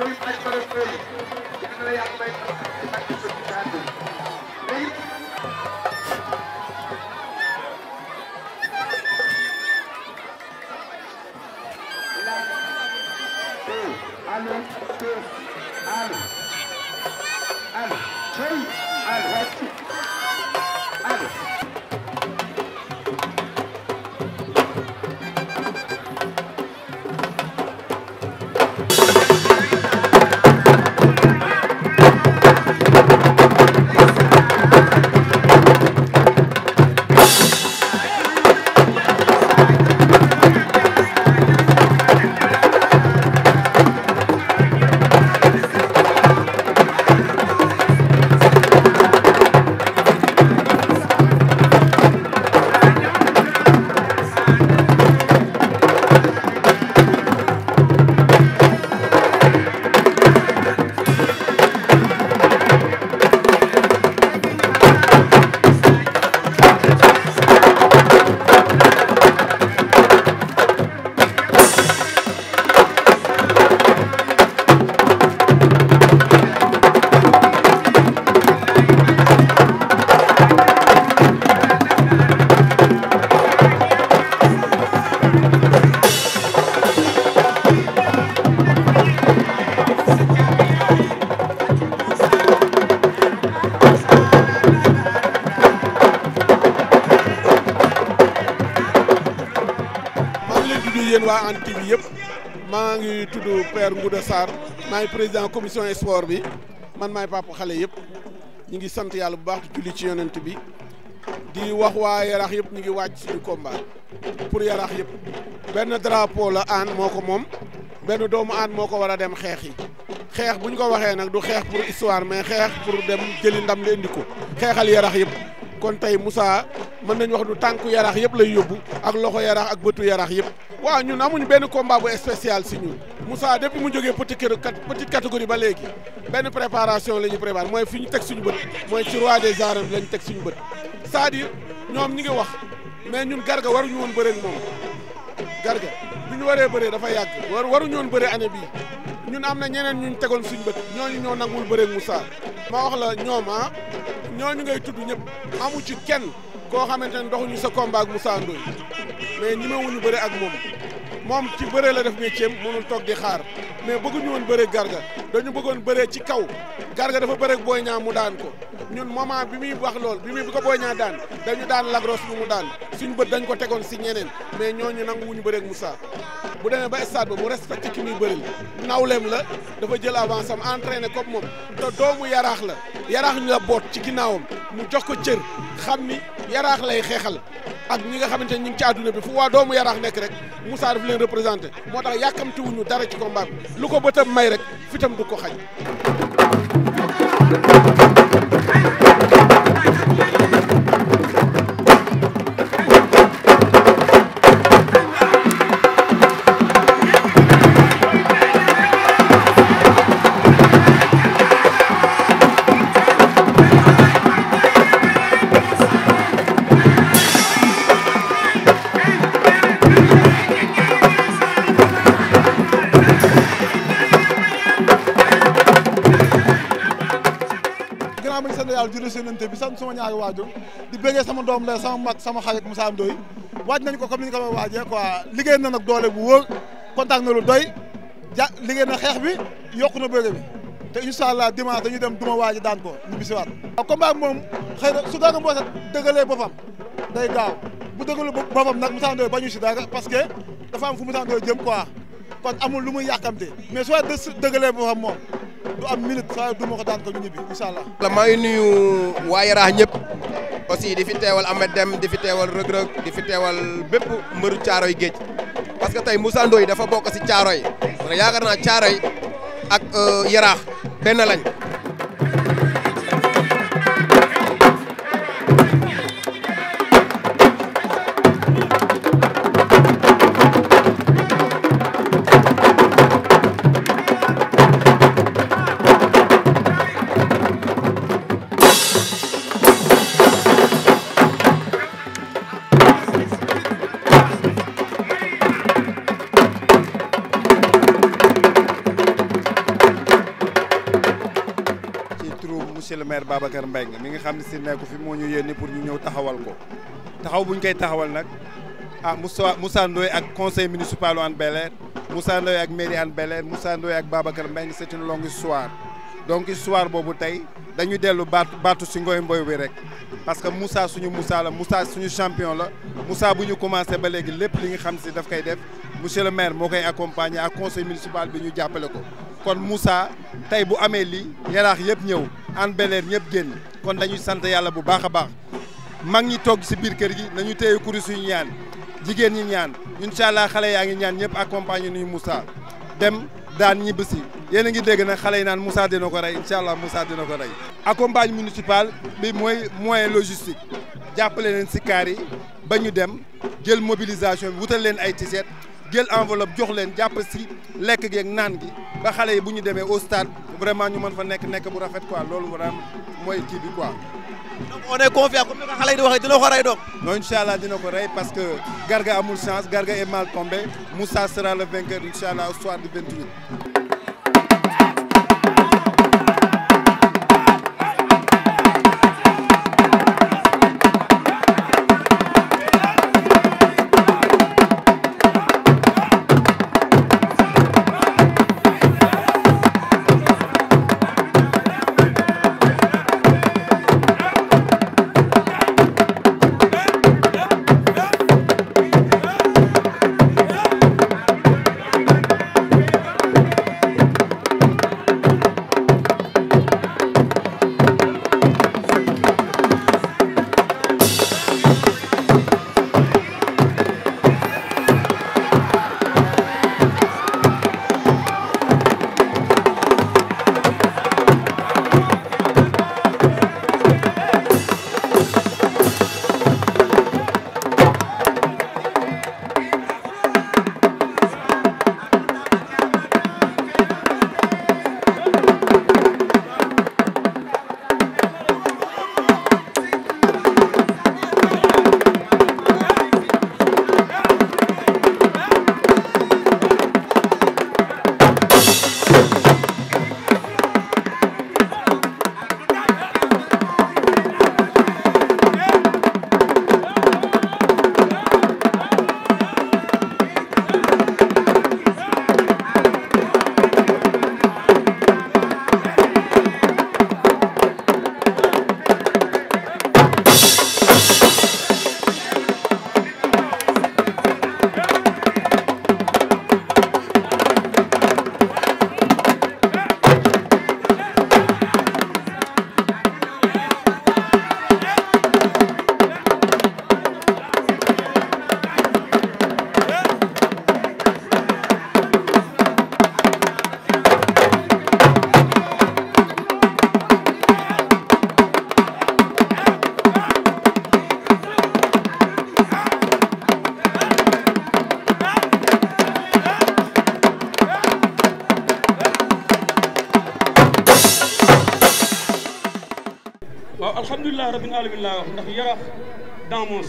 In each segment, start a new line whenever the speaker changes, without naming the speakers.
sëriñ ak borom kër yi yàlla na yàlla may ak ci suñu kàddu léegi. allo. maa ngi tudd Père Ngouda Sarr maay président commission sport bi man may papa xale yëpp ñu ngi sant yàlla bu baax di julli ci yonent bi di wax waa yarax yëpp ñu ngi wàcc suñu combat pour yarax yëpp benn drapo la aan moo ko moom benn doomu aan moo ko war a dem xeex yi xeex bu ñu ko waxee nag du xeex pour histoire mais xeex pour dem jëli ndam li indi ko xeexal yarax yëpp kon tey Moussa mën nañu wax du tànk yaraax yëpp lay yóbbu ak loxo yaraax ak bëtu yaraax yëpp waaw ñun amuñu benn combat bu spécial si ñun Moussa depuis mu jógee petit petite catégorie ba léegi benn préparation la ñu préparé mooy fi ñu teg suñu bët mooy ci roi des arènes bi la ñu teg suñu bët cest à ñoom ñi ngi wax mais ñun garga ñu woon bëree ak moom garga bu ñu waree bëree dafa yàgg war waruñu woon bëree année bii ñun am na ñeneen ñu tegoon suñu bët ñooñu ñoo nangul bëree ak Moussa ma wax la ñoom ah ñooñu ngay tudd ñëpp amu ci kenn koo xamante ne doxuñu sa combat ak Moussa Ndoye mais ñi mewuñu bëre ak moom moom ci bëre la def métier mënul toog di xaar mais bëgguñu woon bëre garga dañu bëggoon bëre ci kaw garga dafa bëre ak Boy Niang mu daan ko ñun moment bi muy wax lool bi muy bi ko Boy Niang daan dañu daan lagros bi mu daan suñu bët dañ ko tegoon si ñeneen mais ñooñu nanguwuñu bëre ak Moussa bu demee ba stade ba mu respecté ki muy bëri nawleem la dafa jël avance am entraîné comme moom te doomu yaraax la yaraax ñu la boot ci ginnaawam mu jox ko cër xam ni yaraax lay xeexal ak ñi nga xamante ne ñu ngi ci àdduna bi fu waa doomu yaraax nekk rek Moussa daf leen représenté moo tax yàkkamtiwuñu dara ci combat bi lu ko bëtam may rek fitam du ko xañ yàlla julli seenante bi sant suma ñaari waajur di bëggee sama doom la sama mag sama xarit Moussa Ndoye waaj nañ ko comme ni ñu ko liggéey na nag doole bu wóor kontaan na lu doy ja liggéey na xeex bi yokku na bëre bi te incha allah dimanche dañuy dem duma waaji daan ko ñu bisiwaat waaw combat bi moom xëy na su Garga Mbossé dëgalee boppam day gaaw bu dëgalu boppam nag Moussa Ndoye bañu si dara parce que am fu Moussa Ndoye jëm quoi kon amul lu muy yàkkamte mais soit dëgalee boppam moom du am minute saa du ma ko daan ko ñu ñibbi incha allah.
maa ngi waa Yaraax ñëpp aussi di fi teewal Ahmed Deme di bépp mbëru Caaroy géej parce que tey Moussa dafa bokk si Caaroy parce que yaakaar Caaroy ak euh, Yaraax benn Babacar Mbeng mi nga xamni ci si nekku fi moo ñu yéene pour ñu ñëw taxawal ko taxaw buñ koy taxawal nak ah Moussa Moussa Ndoye ak conseil municipal Hann Belair Moussa Ndoy ak mairie Hann Belair Moussa Ndoy ak Babacar Mbeng c'est une longue histoire donc histoire bobu tay dañu déllu battu baatu si ngoy mboy wi rek parce que Moussa suñu Moussa la Moussa suñu champion la Moussa buñu commencé ba légui lépp li nga xam si daf koy def monsieur le maire mokay accompagner à conseil municipal bi ñu jàppale ko kon Moussa tay bu amé li yaraax yépp ñëw Hann Bel-Air ñëpp génn kon dañuy sant yàlla bu baax a baax mag ñi togg si biir kër gi nañu téye kurus yu ñaan jigéen ñi ñaan incha allah xale yaa ngi ñaan ñëpp accompagné nuyu Moussa dem daan ñibbisi yéen a ngi dégg na xale yi naan Moussa dina ko rey incha allah Moussa dina ko rey. accompagne municipal bi mooy moyen logistique jàppale leen si kaar yi ba ñu dem jël mobilisation bi wutal leen ay tiset jël enveloppe jox leen jàpp si lek gi ak naan gi ba xalé yi buñu démé au stade vraiment ñu mën fa nek nek bu rafet quoi lolu waraam mooy kii bi quoi. donc on est confiant comme ni ko xale yi di waxee dina ko ray doom. non incha allah dina ko rey parce que Garga amul chance Garga est mal tombé Moussa sera le vainqueur inshallah au soir du 28.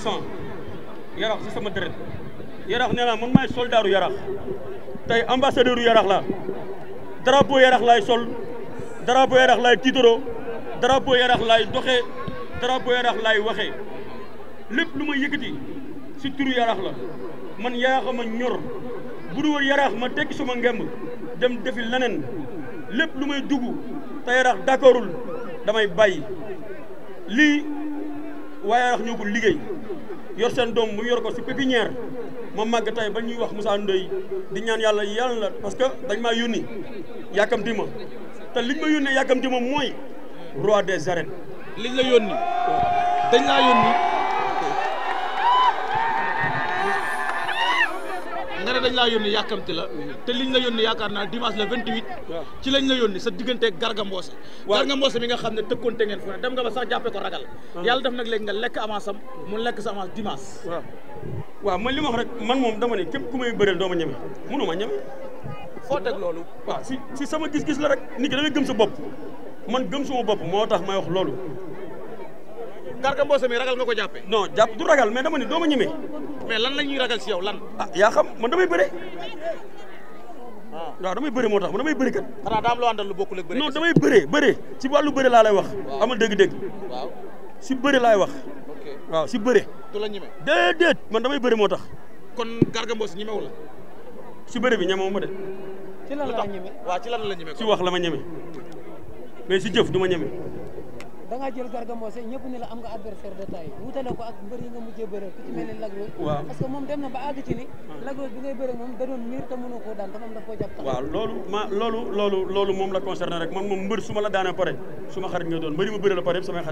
sang yarax si sama deret yarax nee naa man maay soldaaru yarax tey ambassadeuru yarax la drapeau yarax lay sol drapeau yarax laay tiitoro drapeau yarax laay doxee drapeau yarax laay waxee lépp lu ma yëkkati si turu yarax la man yarax ma ñor bu yarax ma tekki sama ngemb dem defi leneen lépp lu may dugg te yarax d'accordul damay bàyyi lii waaye yarax ñoo ko liggéey yor seen doom mu yor ko si pépinière moom màgg tey ba ñuy wax Moussa Ndoye di ñaan yàlla yàlla la parce que dañ maa yónni yàkkamti ma te liñ ma yónnee yàkkamti ma mooy roi des arènes. liñ la yónni dañ laa yónni. dañ laa yónni yàkkamti la te liñ la yónni yaakaar naa dimanche le 28 ci lañ la yónni sa digganteeg Garga Mbossé Garga Mbossé mi nga xam ne tëkkoonte ngeen fu ne dem nga ba sax jàppee ko ragal ah. yàlla def nag léegi nga lekk avance am mu lekk sa avance dimanche waaw waaw man li ma wax rek man moom dama ne képp ku may bëreel doo ma ñeme mënu ma ñeme foo teg loolu waaw si si sama gis-gis la rek nit ki da ngay gëm sa bopp man gëm suma bopp moo tax ma wax loolu Garga Mbossé mi ragal nga jappé non japp du ragal mais dama ni doma ma mais lan lañuy ragal ci yow lan. ah yaa xam man damay bëre. ah damay bëre motax man damay bëre kat. ana daa am loo àndal lu bokku lek bëre. non damay bëre bëre ci walu bëre la lay wax. amul deug deug waaw si bëre lay wax. ok waaw ci bëre. du la ñemee dedet man damay bëre motax tax. kon Garga Mbossé ñemewu la. ci bëre bi ñemewu ma de. ci lan la ñeme wa ci lan la ñeme. ci wax la ma ñeme mais ci jëf duma ma da ngaa jël Garga Mbossé ñëpp ne la am nga adversaire de taille wutale ko ak mbër yi nga mujjee bëre ku ci mel ni Lac waaw parce que moom dem na ba àgg ci moom koo daan te moom daf koo jàpp tax waaw loolu loolu loolu moom la concerné rek man moom mbër su ma la daanee pare su ma xarit nga doon mbëri ma bëre la pare yëpp samay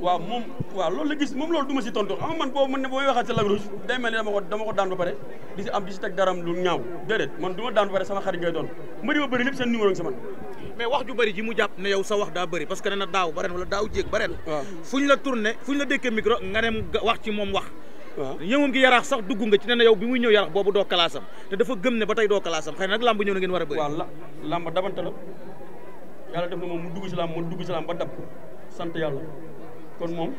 waaw moom waaw loolu moom loolu du si tontu xam man boobu man ne booy waxaat ko dama ko daan ba lu ñaaw déedéet man du daan ba pare sama xarit ngay doon mbëri ma bëri lépp seen numéro ngi mais wax ju bëri ji mu jàpp ne yow sa wax daa bëri parce que nee na daaw ba ren wala daaw jéeg ba ren fu ñu la tourné fu ñu la dékkee micro nga moom wax yëngum gi yaraax sax dugg nga ci ne na yow bi muy ñëw yaraax boobu doo kalaasam te dafa gëm ne tey doo kalaasam xëy na nag làmb ñëw na ngeen a la moom mu dugg ci làmb mu dugg ci làmb ba dab sant yàlla kon moom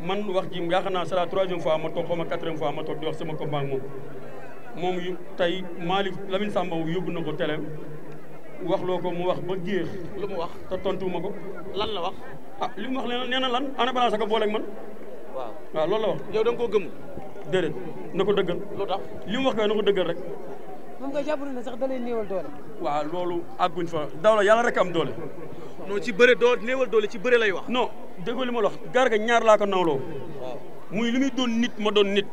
man wax ji yaakaar naa c'est la troisième fois ma toog xaw ma quatrième fois ma toog di wax sama combat moom moom yu tey Malick Lamine yóbbu na ko télé waxloo ko mu wax ba jeex. lu mu wax te tontuwuma ko. lan la wax. a ah li mu wax nee na lan ana balaa sa ko booleeg man. waaw loolu la wax. yow da ko koo gëm. déedéet na ko dëggal. lu tax li mu wax kay na ko dëggal rek. moom nga jàpp ne sax da lay néewal doole. waaw loolu àgguñ fa daaw la yàlla rek am doole. non ci bëre doo néewal doole ci bëre lay wax. non déggoo li ma la wax garga ñaar laa ko nawloo. muy li muy doon nit ma doon nit.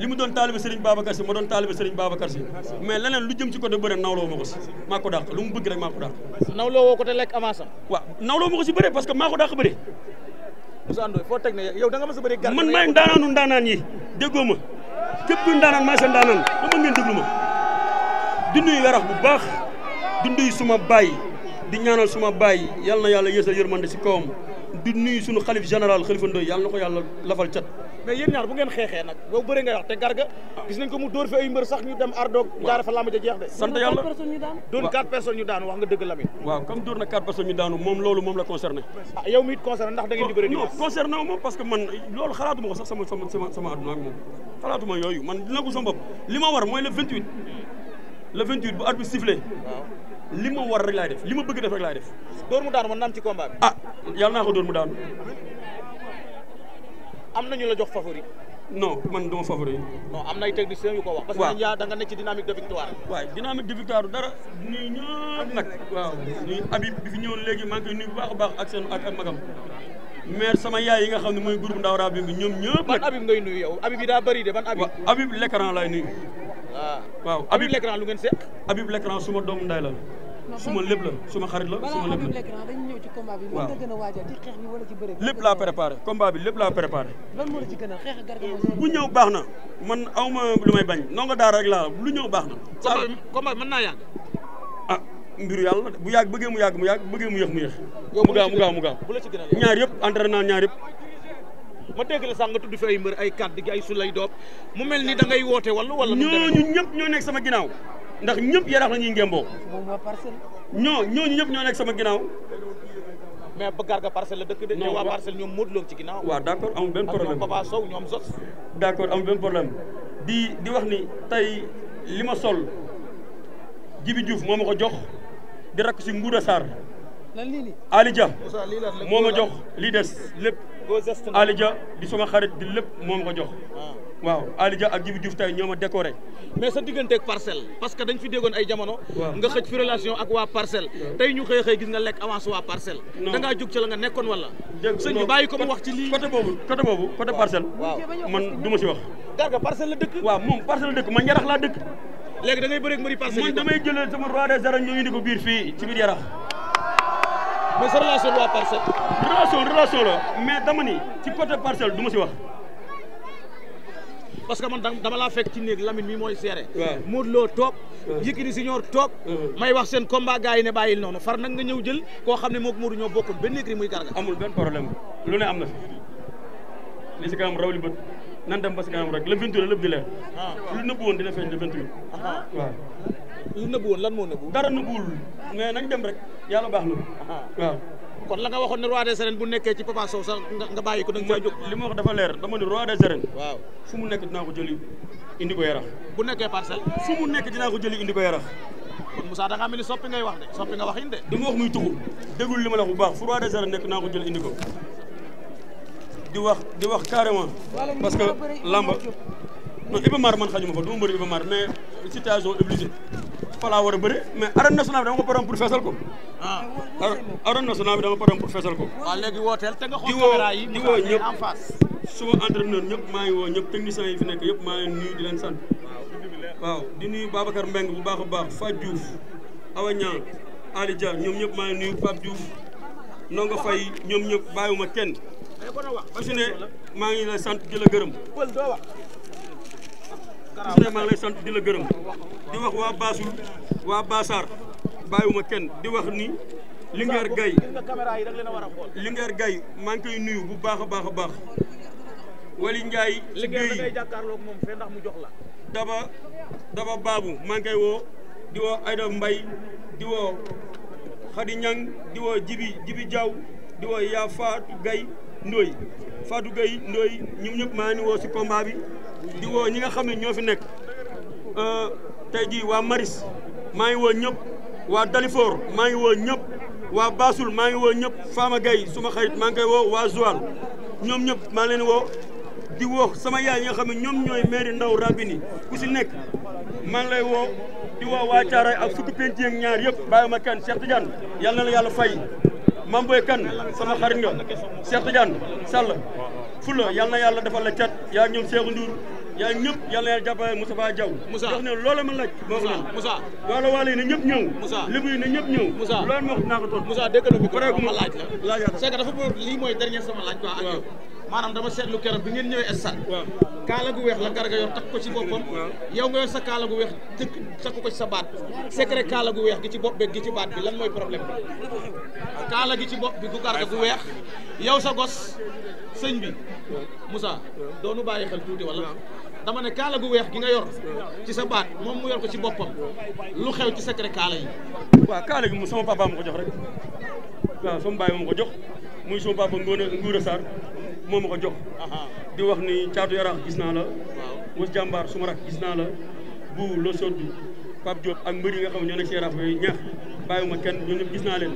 limu mu doon taalibe Serigne Babacar si mo doon taalibe Serigne Babacar si mais lenen lu jëm ci côté beure nawlo mako si mako dakk lu mu bëgg rek mako dakk nawlo wo côté lek te lekk avance am. waaw nawloo si beure parce que mako dakk beure bëre. Moussa Ndoye foo ne yow da nga ma sa beure gàllankoor man may ndaanaanu ndanan yi déggoo kep du ndanan ma sa ndanan ba ngeen déglu di nuy yarax bu baax di nuy suma bay di ñaanal suma bay yalla na yeesal yermande si kawam di nuy suñu xalif general xalifa ndoy yalla nako yalla lafal cat mais yéen bu ngeen xeexee nag boobu bëri nga te garga gis nañ mu dóor fi ay mbër sax ñu dem doon quatre personnes ñu daanu wax nga dëgg Lamine waaw comme dóor na quatre personnes ñu daanu moom loolu moom la concerné ah yow mi it concerné ndax da ngeen di bëri non concerné wu moom parce que man loolu xalaatuma ko sax sama sama moom xalaatuma yooyu man dina ko sama bopp li ma war mooy le 28 le bu arbitre sifflé li war rek laay def li ma bëgg d rek laay def dóor mu daanu am na ñu la jox favori. non man duma favori. non am na ay techniciens yu ko wax. parce que yaa nga nekk ci dynamique de victoire. waaw dynamique de victoire dara. ñuy ñëpp nag. waaw ñuy Habib bi fi ñëwoon léegi maa ngi koy baax a baax ak seen ak ak magam. maire sama yaay yi nga xam ne mooy groupe Ndaw Rabine bi ñoom ñëpp. ban Habib ngay nuyu yow yi daa bari de ban Habib. waaw Habib l'écran ah. waaw Habib l'écran lu ngeen seq. Habib suma doomu nday la.
suma lépp la suma xarit la suma lépp la. ci combat a lépp
laa préparé combat bi lépp laa préparé lan moo la ci gën bu ñëw baax na man awma lu may bañ nonga daara rek laa lu ñëw baax na combat bi mën naa yàgg ah mbiru yàlla bu yàgg bëggee mu yàgg mu yàgg bëggee mu yéex mu yéex mu gaaw mu gaaw mu gaaw ñaar yëpp entraînement ñaar yëpp ma dégg la sax nga tudd fi ay mbër ay kàddu gi ay su lay doob mu mel ni da ngay woote wala wala ñooñu ñëpp ñoo nekk sama ginnaaw ndax ñëpp yaraax la ñuy ngémboo ñoo ñooñu ñëpp ñoo nekk sama ginnaaw mais ba garga parcelle la dëkk de. waa parcelle d' accord amul benn problème di di wax ni tey li ma sol Jibi Diouf moo ma ko jox di rakk si Ngouda Sarr. lan lii nii Ali jox li des lépp. alija di sama xarit di lepp mom ko jox
ah. waaw
alija ak Jibi Diouf tay ñoma décorer mais sa digënté ak parcelle parce que dañ fi dégon ay jamono nga xëj fi relation ak wa parcelle tay ñu xëy xëy gis nga lek avance wa parcelle da nga juk ci la nga nekkon wala sëñ bi bayiko mu wax ci li côté bobu côté bobu côté parcelle man duma ci si wax garga parcelle la dëkk waaw mom parcelle la dëkk man yarax la dëkk légui da ngay bëre ak mari parcelle man damay jëlé sama roi des arènes ñu indi ko biir fi ci biir yarax mais sa relation waa parcelle. relation relation la mais dama ni ci côté parcelle du ma si wax. parce que man dama laa fekk ci néeg lamit mi mooy seere. waaw Modou Lo toog. Yékini Senior toog. may wax seen combat gars yi ne bàyyil noonu far nag nga ñëw jël koo xam ne moom Modou ñoo bokkoon benn néeg muy garga. amul benn poroblème lu ne am na fi li si kanam raw li bët nan dem ba si kanam rek le 28 di leer. Ah. lu nëbbu woon dina feeñ le lu nëbbu woon lan moo nëbbu. dara nëbbuwul mais nañ dem rek yàlla baax na waaw. kon la nga waxoon ne roi des arènes bu nekkee ci Papa Sow sax nga bàyyi ko da nga caa jóg li ma wax dafa leer dama ne roi des arènes. waaw fu mu nekk dinaa ko jëli indi ko yarax. bu nekkee parcelle. fu mu nekk dinaa ko jëli indi ko yarax. kon Moussa da ngaa mel soppi ngay wax de soppi nga waxin de. dama wax muy tugu déglu li la wax bu fu roi des arènes nekk dinaa ko jël indi ko di wax di wax carrément parce que lamba non Iba Mar man ma fa du ma bëri Iba Mar mais situation obligée fa laa war a bëri mais arène nationale dama ko param pour feesal ko. ah arène bi dama ko pour feesal ko. waaw léegi wooteel te nga xool caméra yi di woo ñëpp suma entraîneur ñëpp maa ngi woo ñëpp techniciens yi fi nekk yëpp maa ngi nuyu di leen sant. waaw di nuyu Babacar Mbengue bu baax a baax Fatou Diouf Awa Niang Ali Dia ñoom ñëpp maa ngi nuyu Pape Diouf Ndongo Faye ñoom ñëpp bàyyiwuma kenn ku si ne maa ngi sant di la gërëm. Ousmane maa sant di la gërëm di wax waa Bassoul waa Bassar bàyyiwuma kenn di wax ni Linguère Gaye Linguère ngi koy nuyu bu baax a baax a baax Wali Ndiaye si Guèye daba daba baabu maa ngi koy woo di woo Aïda Mbaye di woo Khady Niang di woo Jibi Jibi Diaw di woo yaa Fatou Gaye Ndoye Fatou Gaye Ndoye ñoom ñëpp maa woo si combat bi di woo ñi nga xam ne ñoo fi nekk euh, tey jii waa Maris maa ngi woo ñëpp waa Dalifor maa ngi woo ñëpp waa baasul maa ngi woo ñëpp Fama Gaye suma xarit maa ngi koy woo waa Joal ñoom ñëpp maa leen woo di woo sama yaay yi nga xam ne ñoom ñooy mairie ndaw Rabini ku si nekk maa ngi lay woo di woo waa Caaray ak fukki penc ak ñaar yëpp bàyyi ma kenn Cheikh Tidiane yal na la yàlla fay Mamboy Kane sama xarit nga Cheikh Tidiane Sall fula yal na yàlla defal la cat yaa ñoom Seeku Ndour yaa ñëpp yal na yàlla jàppale Moustapha Diaw Moussa jox ne loola ma laaj moo la Moussa wala wala yi na ñëpp ñëw Moussa lébu yi na ñëpp ñëw Moussa loolu ma wax naa ko toog Moussa dégg na ko ma laaj la laaj la c'est que dafa bëgg lii mooy dernier sama laaj quoi ak yow maanaam dama seetlu keroog bi ngeen ñëwee stade kaala gu weex la garga yor takk ko ci boppam yow nga yor sa kaala gu weex tëkk takk ko ci sa baat secret kaala gu weex gi ci bopp beeg gi ci baat bi lan mooy problème
bi
kaala gi ci bopp bi gu garga gu weex yow sa gos sëñ bi Moussa doonu bàyyi xel tuuti wala dama ne kaala gu weex gi nga yor ci sa baat moom mu yor ko ci boppam lu xew ci secret kaala yi waaw kaala gi mu sama papa ma ko jox rek waaw sama baay ma ko jox muy sama papa Ngóone Nguura Sarr moo ma ko jox di wax ni caatu yaraax gis naa la mos jàmbaar suma rak gis naa la bu lo soddu Pape Diop ak mbër yi nga xam ne ñoo nekk si yaraax yooyu ñaax bàyyiwuma kenn ñoo ñëpp gis naa leen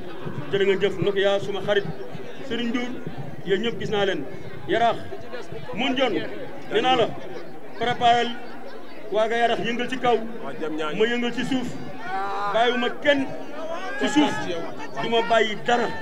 jërë nga jëf nokk yaa suma xarit yéen ñëpp gis naa leen yaraax mun jon nee naa la préparel yëngal ci kaw ma yëngal ci suuf bàyyiwuma kenn ci suuf du ma bàyyi dara